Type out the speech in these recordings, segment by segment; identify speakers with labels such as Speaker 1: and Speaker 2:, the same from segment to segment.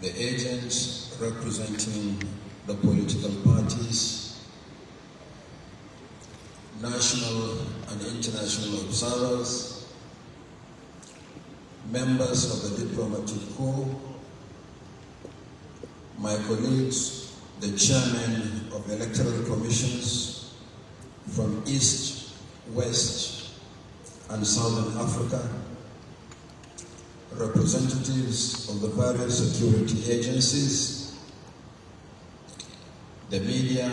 Speaker 1: the agents representing the political parties, national and international observers, members of the diplomatic corps, my colleagues, the chairman of the electoral commissions from East, West, and Southern Africa, representatives of the various security agencies, the media,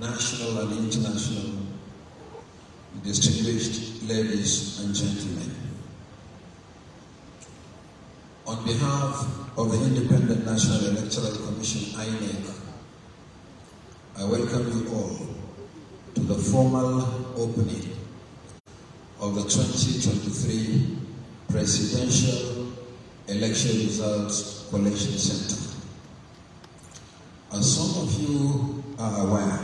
Speaker 1: national and international, distinguished ladies and gentlemen. On behalf of the Independent National Electoral Commission, INEC, I welcome you all to the formal opening of the 2023 presidential election results collection center. As some of you are aware,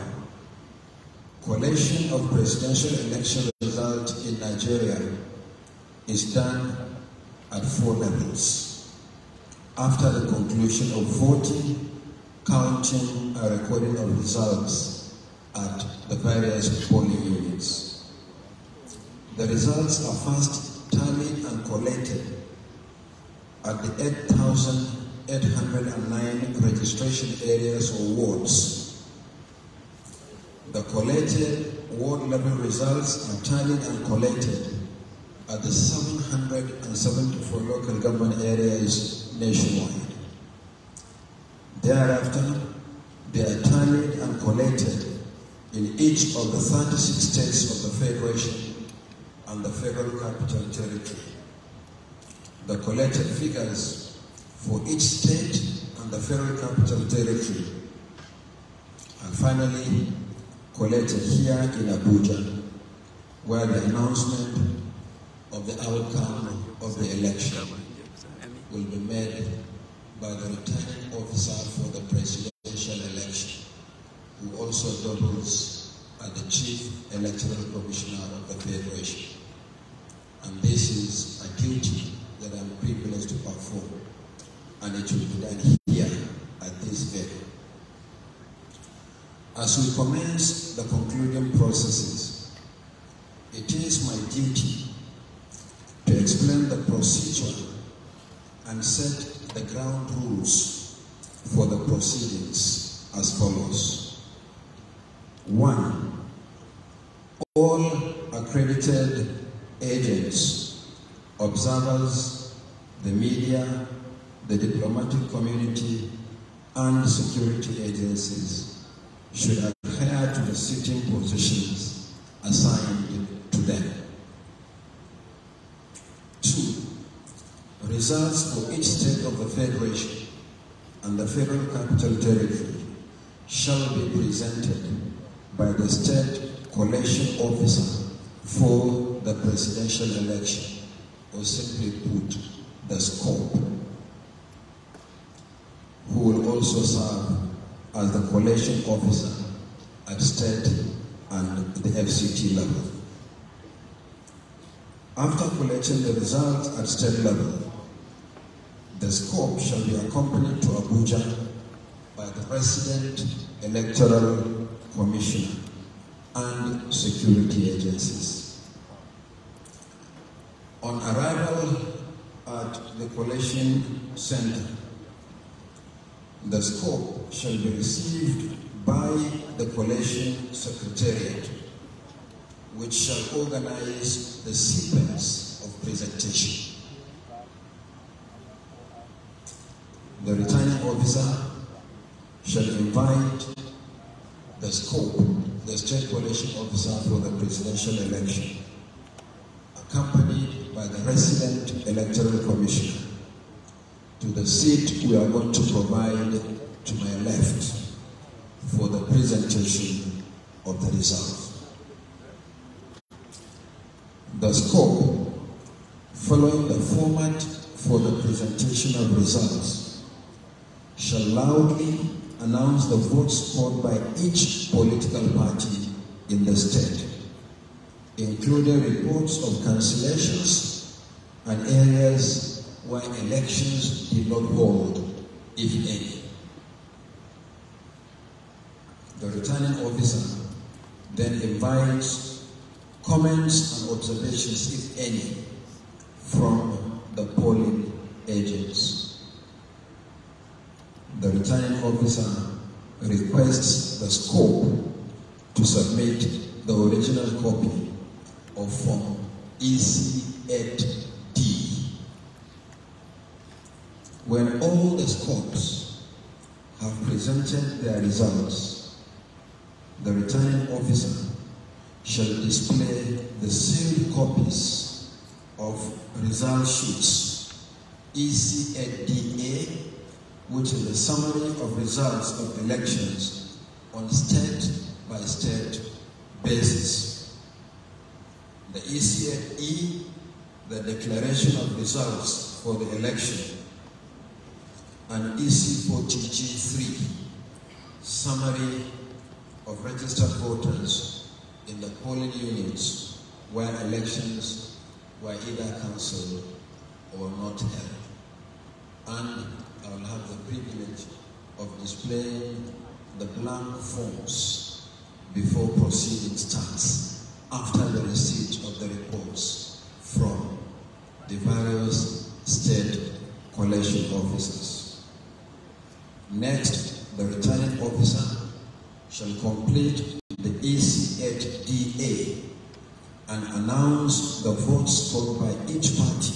Speaker 1: collection of presidential election results in Nigeria is done at four levels. After the conclusion of voting, counting and recording of results at the various polling units. The results are first tallied and collected at the 8,809 registration areas or wards. The collected ward level results are tallied and collected at the 774 local government areas nationwide. Thereafter, they are tallied and collected in each of the 36 states of the Federation and the Federal Capital Territory the collected figures for each state and the federal capital territory and finally collected here in Abuja where the announcement of the outcome of the election will be made by the returning officer for the presidential election who also doubles as the chief electoral commissioner of the federation and this is a duty perform. And it will be done here at this venue. As we commence the concluding processes, it is my duty to explain the procedure and set the ground rules for the proceedings as follows. One, all accredited agents, observers, the media, the diplomatic community, and security agencies should adhere to the sitting positions assigned to them. Two, results for each state of the Federation and the Federal Capital Territory shall be presented by the state collection officer for the presidential election, or simply put, the scope, who will also serve as the collation officer at state and the FCT level. After collecting the results at state level, the scope shall be accompanied to Abuja by the resident electoral commissioner and security agencies. On arrival at the Collation Center. The scope shall be received by the Collation Secretariat, which shall organize the sequence of presentation. The returning officer shall invite the scope, the state collation officer for the presidential election, accompanied by the resident Electoral Commission to the seat we are going to provide to my left for the presentation of the results. The scope following the format for the presentation of results shall loudly announce the votes scored by each political party in the state, including reports of cancellations and areas where elections did not hold, if any. The returning officer then invites comments and observations, if any, from the polling agents. The returning officer requests the scope to submit the original copy of Form EC 8 When all the scopes have presented their results, the returning officer shall display the sealed copies of result sheets, ECADA, which is a summary of results of elections on state-by-state basis. The ECAE, the declaration of results for the election and ec 4 g 3 summary of registered voters in the polling units where elections were either cancelled or not held. And I will have the privilege of displaying the blank forms before proceeding starts after the receipt of the reports from the various state collection offices. Next, the returning officer shall complete the ECHDA and announce the votes scored by each party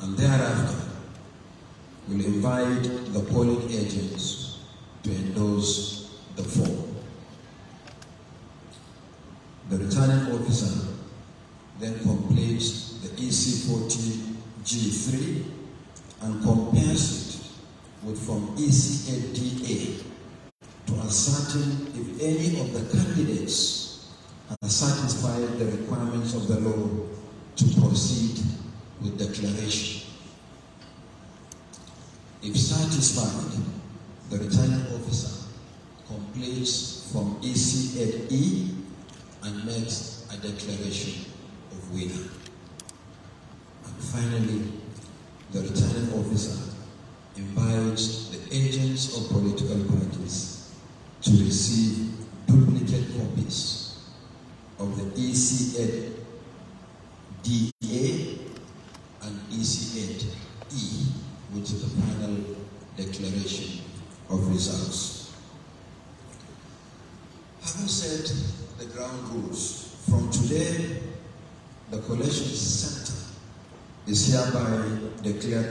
Speaker 1: and thereafter will invite the polling agents to endorse the form. The returning officer then completes the EC40 G3 and compares with from ECADA to ascertain if any of the candidates are satisfied the requirements of the law to proceed with declaration. If satisfied, the returning officer completes from ECADE and makes a declaration of winner. And finally, the returning officer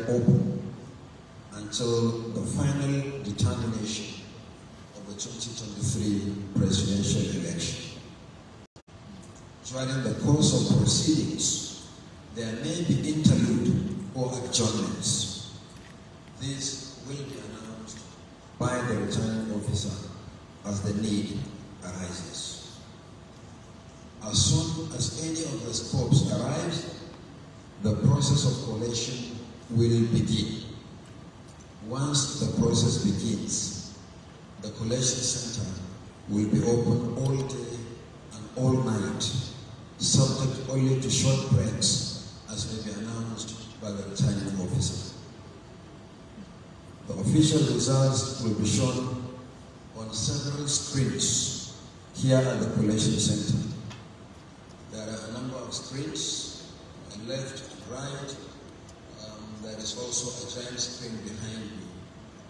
Speaker 1: open until the final determination of the 2023 presidential election. During the course of proceedings, there may be interlude or adjournments. This will be announced by the returning officer as the need arises. As soon as any of the scopes arrives, the process of collation will begin. Once the process begins, the collection center will be open all day and all night, subject only to short breaks as may be announced by the returning officer. The official results will be shown on several screens here at the collection center. There are a number of screens, left and right, there is also a giant screen behind me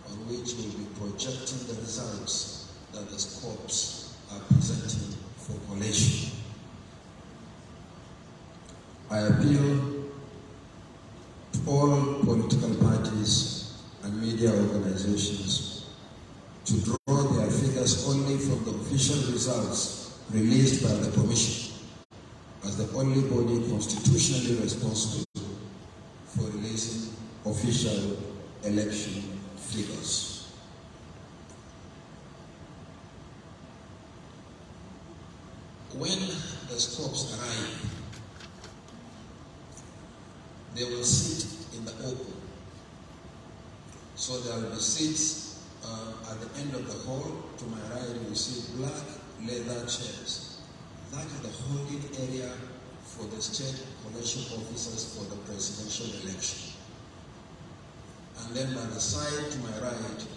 Speaker 1: on which we will be projecting the results that the scopes are presenting for collation. I appeal to all political parties and media organizations to draw their figures only from the official results released by the Commission as the only body constitutionally responsible official election figures. When the scopes arrive, they will sit in the open. So there will be seats uh, at the end of the hall. To my right, you see black leather chairs. That is the holding area for the state collection officers for the presidential election. And then by the side to my right,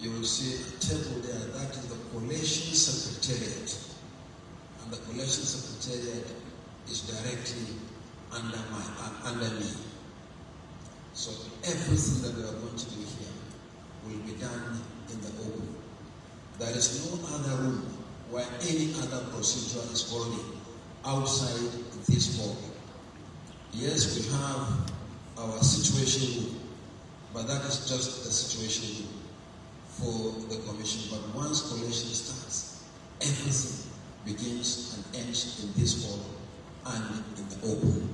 Speaker 1: you will see a table there. That is the collation secretariat. And the collation secretariat is directly under, my, uh, under me. So everything that we are going to do here will be done in the open. There is no other room where any other procedure is going outside this hall. Yes, we have our situation but that is just the situation for the commission. But once commission starts, everything begins and ends in this hall and in the open.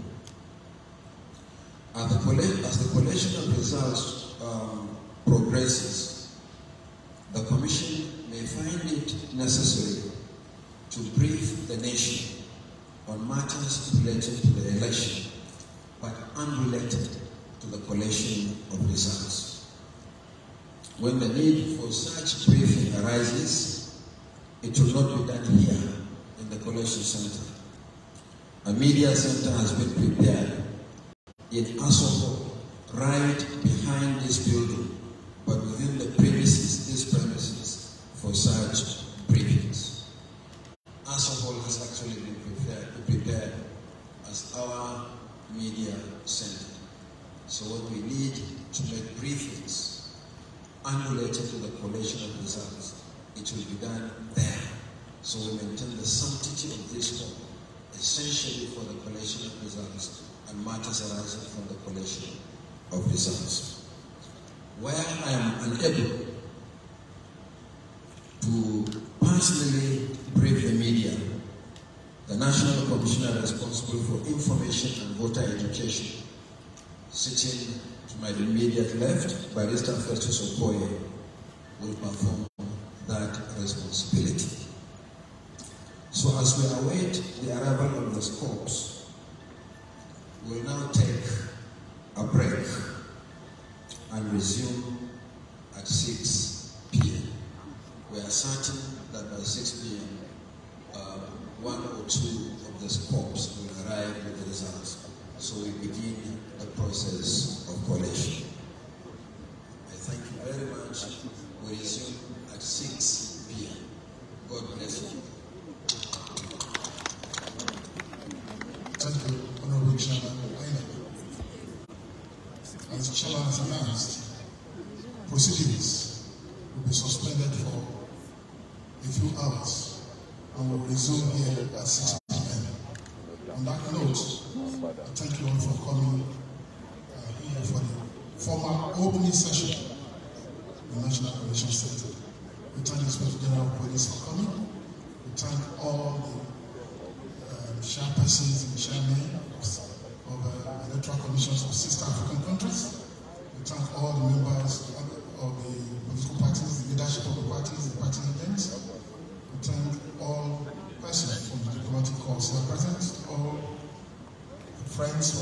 Speaker 1: As the, collation of results um, progresses, the Commission may find it necessary to brief the nation on matters related to the election, but unrelated to the collection of results. When the need for such briefing arises, it will not be done here in the collection center. A media center has been prepared in Asoho, right behind this building, but within the premises, these premises, for such briefings. Asoho has actually been prepared, prepared as our media center. So what we need to make briefings unrelated to the collation of results, it will be done there. So we maintain the sanctity of this call, essentially for the collation of results and matters arising from the collation of results. Where I am unable to personally brief the media, the National Commissioner responsible for information and voter education Sitting to my immediate left, Barrister Festus Okoye will perform that responsibility. So as we await the arrival of the corpse, we'll now take a break and resume at 6 p.m. We are certain that by 6 p.m., uh, one or two of the scopes proceedings will be suspended for a few hours and will resume here at 6 p.m. On that note, thank you all for coming uh, here for the formal opening session of the National Commission Center. We thank the Special General Police for coming. We thank all the um, chairpersons and chairmen of, of uh, electoral commissions of sister African countries. thank all the members of the political parties, the leadership of the parties, the party leaders. We thank all persons from the diplomatic corps who are present, all friends